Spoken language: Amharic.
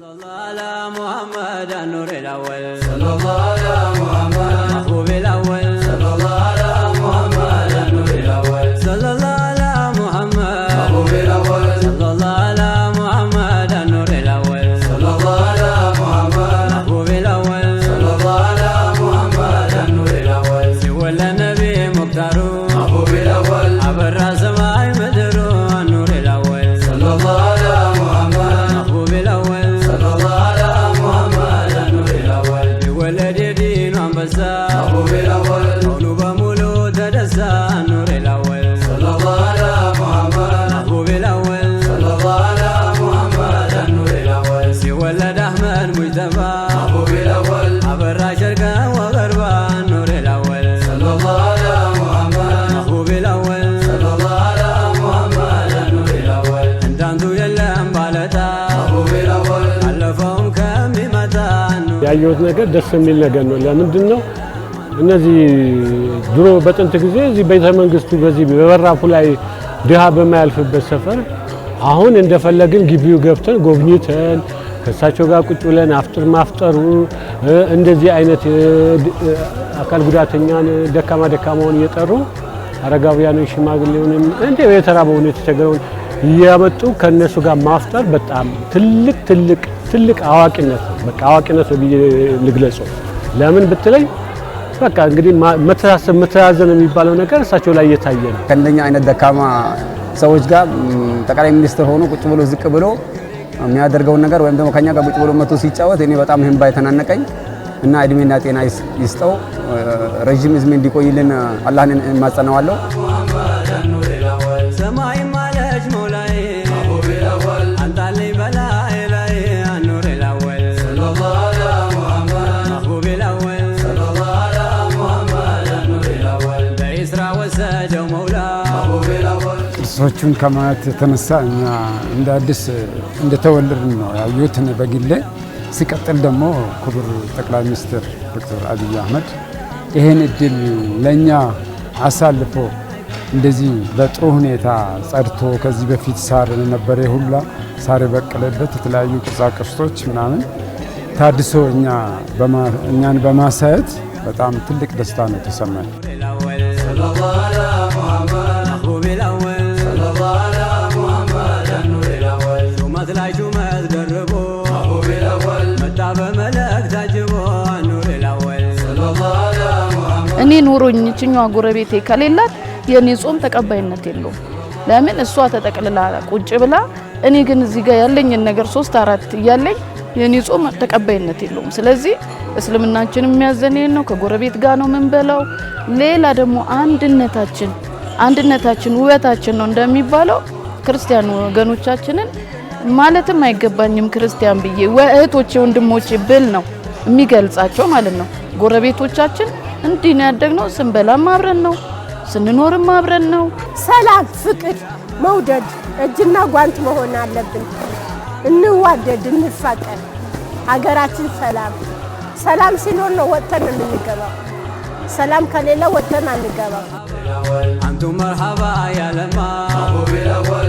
صلى الله على محمد نور الأول صلى الله على محمد ያየሁት ነገር ደስ የሚል ነገር ነው። ለምንድን ነው እነዚህ ድሮ በጥንት ጊዜ እዚህ ቤተ መንግስቱ በዚህ በበራፉ ላይ ድሃ በማያልፍበት ሰፈር አሁን እንደፈለግን ግቢው ገብተን ጎብኝተን ከእሳቸው ጋር ቁጭ ብለን አፍጥር ማፍጠሩ እንደዚህ አይነት አካል ጉዳተኛን ደካማ ደካማውን እየጠሩ አረጋውያንን ሽማግሌውንም እንዲያው የተራበውን የተቸገረውን እያመጡ ከእነሱ ጋር ማፍጠር በጣም ትልቅ ትልቅ ትልቅ አዋቂነት ነው። በቃ አዋቂነት ልግለጾ ለምን ብትለኝ በቃ እንግዲህ መተሳሰብ መተዛዘን የሚባለው ነገር እሳቸው ላይ እየታየ ነው። ከእንደኛ አይነት ደካማ ሰዎች ጋር ጠቅላይ ሚኒስትር ሆኖ ቁጭ ብሎ ዝቅ ብሎ የሚያደርገውን ነገር ወይም ደግሞ ከኛ ጋር ቁጭ ብሎ መቶ ሲጫወት እኔ በጣም ህንባ የተናነቀኝ እና እድሜና ጤና ይስጠው ረዥም እድሜ እንዲቆይልን አላህን እማጸነዋለሁ። ሰዎቹን ከማየት የተነሳ እኛ እንደ አዲስ እንደተወለድን ነው ያዩትን በግሌ። ሲቀጥል ደግሞ ክቡር ጠቅላይ ሚኒስትር ዶክተር አብይ አህመድ ይህን እድል ለእኛ አሳልፎ እንደዚህ በጥሩ ሁኔታ ጸድቶ ከዚህ በፊት ሳር ነበረ ሁላ ሳር የበቀለበት የተለያዩ ቅርሶች ምናምን ታድሶ እኛን በማሳየት በጣም ትልቅ ደስታ ነው የተሰማኝ። እኔ ኑሮኝ እችኛዋ ጎረቤቴ ከሌላት የኔ ጾም ተቀባይነት የለውም። ለምን እሷ ተጠቅልላ ቁጭ ብላ፣ እኔ ግን እዚህ ጋር ያለኝን ነገር ሶስት አራት እያለኝ የኔ ጾም ተቀባይነት የለውም። ስለዚህ እስልምናችን የሚያዘን ነው። ከጎረቤት ጋር ነው የምንበላው። ሌላ ደግሞ አንድነታችን አንድነታችን ውበታችን ነው እንደሚባለው ክርስቲያን ወገኖቻችንን ማለትም አይገባኝም ክርስቲያን ብዬ እህቶቼ ወንድሞቼ ብል ነው የሚገልጻቸው ማለት ነው ጎረቤቶቻችን እንዲህ ነው ያደግነው። ስንበላም አብረን ነው፣ ስንኖርም አብረን ነው። ሰላም፣ ፍቅር፣ መውደድ እጅና ጓንት መሆን አለብን። እንዋደድ፣ እንፋቀር። ሀገራችን ሰላም ሰላም ሲኖር ነው ወጥተን የምንገባው። ሰላም ከሌለ ወጥተን አንገባው። አንቱ መርሃባ ያለማ